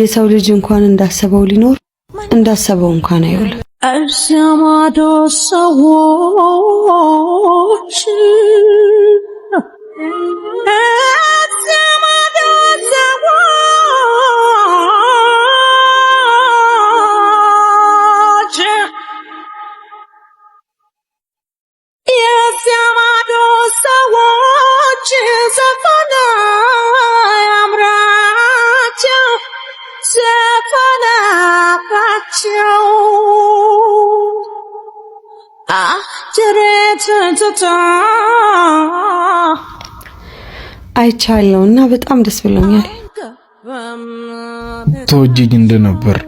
የሰው ልጅ እንኳን እንዳሰበው ሊኖር እንዳሰበው እንኳን አይውልም። እዚያ ማዶ ሰዎች ሰዎች ፈለጋቸው አይቻለሁ እና በጣም ደስ ብሎኛል። ተወጂኝ እንደነበር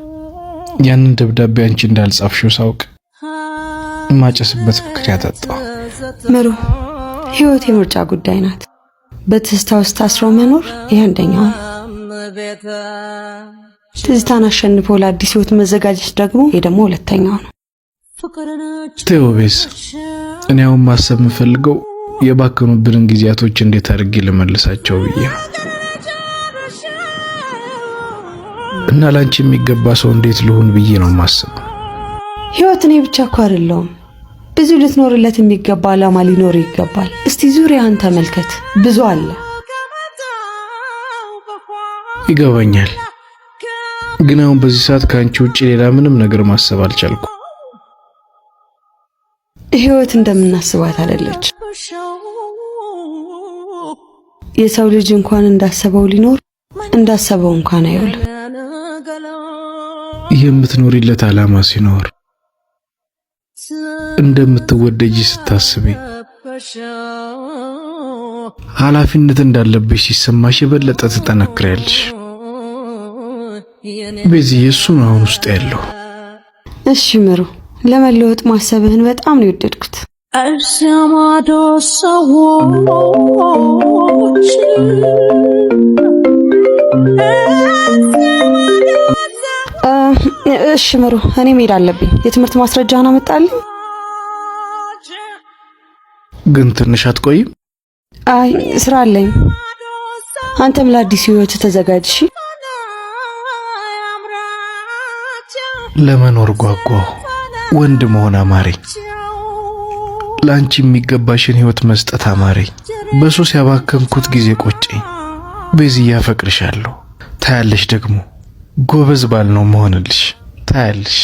ያንን ደብዳቤ አንቺ እንዳልጻፍሽው ሳውቅ ማጨስበት ምክንያት አጣሁ። ምሩ ህይወት የምርጫ ጉዳይ ናት። በትዝታ ውስጥ ታስሮ መኖር ይህ አንደኛው ነው። ትዝታን አሸንፎ ለአዲስ ህይወት መዘጋጀት ደግሞ ይሄ ደግሞ ሁለተኛው ነው። ቴዎቤስ እኔ አሁን ማሰብ የምፈልገው የባከኑብንን ጊዜያቶች እንዴት አድርጌ ልመልሳቸው ብዬ ነው እና ላንቺ የሚገባ ሰው እንዴት ልሁን ብዬ ነው ማስበው። ህይወት እኔ ብቻ እኮ አይደለሁም ብዙ ልትኖርለት የሚገባ ዓላማ ሊኖር ይገባል። እስቲ አንተ ተመልከት፣ ብዙ አለ። ይገባኛል ግን አሁን በዚህ ሰዓት ከአንቺ ውጭ ሌላ ምንም ነገር ማሰብ አልቻልኩ። ህይወት እንደምናስባት አይደለች። የሰው ልጅ እንኳን እንዳሰበው ሊኖር እንዳሰበው እንኳን አይውልም። የምትኖሪለት ዓላማ ሲኖር እንደምትወደጂ ስታስቢ ኃላፊነት እንዳለብሽ ሲሰማሽ የበለጠ ትጠነክሪያለሽ። በዚህ እሱ ነው አሁን ውስጥ ያለው። እሺ ምሩ፣ ለመለወጥ ማሰብህን በጣም ነው የወደድኩት። እዚያ ሰዎች እሺ ምሩ፣ እኔ መሄድ አለብኝ። የትምህርት ማስረጃህን አመጣልኝ። ግን ትንሽ አትቆይም? አይ ስራ አለኝ። አንተም ለአዲስ ህይወት ተዘጋጅ። ለመኖር ጓጓሁ ወንድ መሆን አማረኝ። ለአንቺ የሚገባሽን ሕይወት መስጠት አማረኝ። በሶስ ያባከንኩት ጊዜ ቆጨኝ። ቤዝዬ ያፈቅርሻለሁ። ታያለሽ ደግሞ ጎበዝ ባል ነው መሆንልሽ። ታያለሽ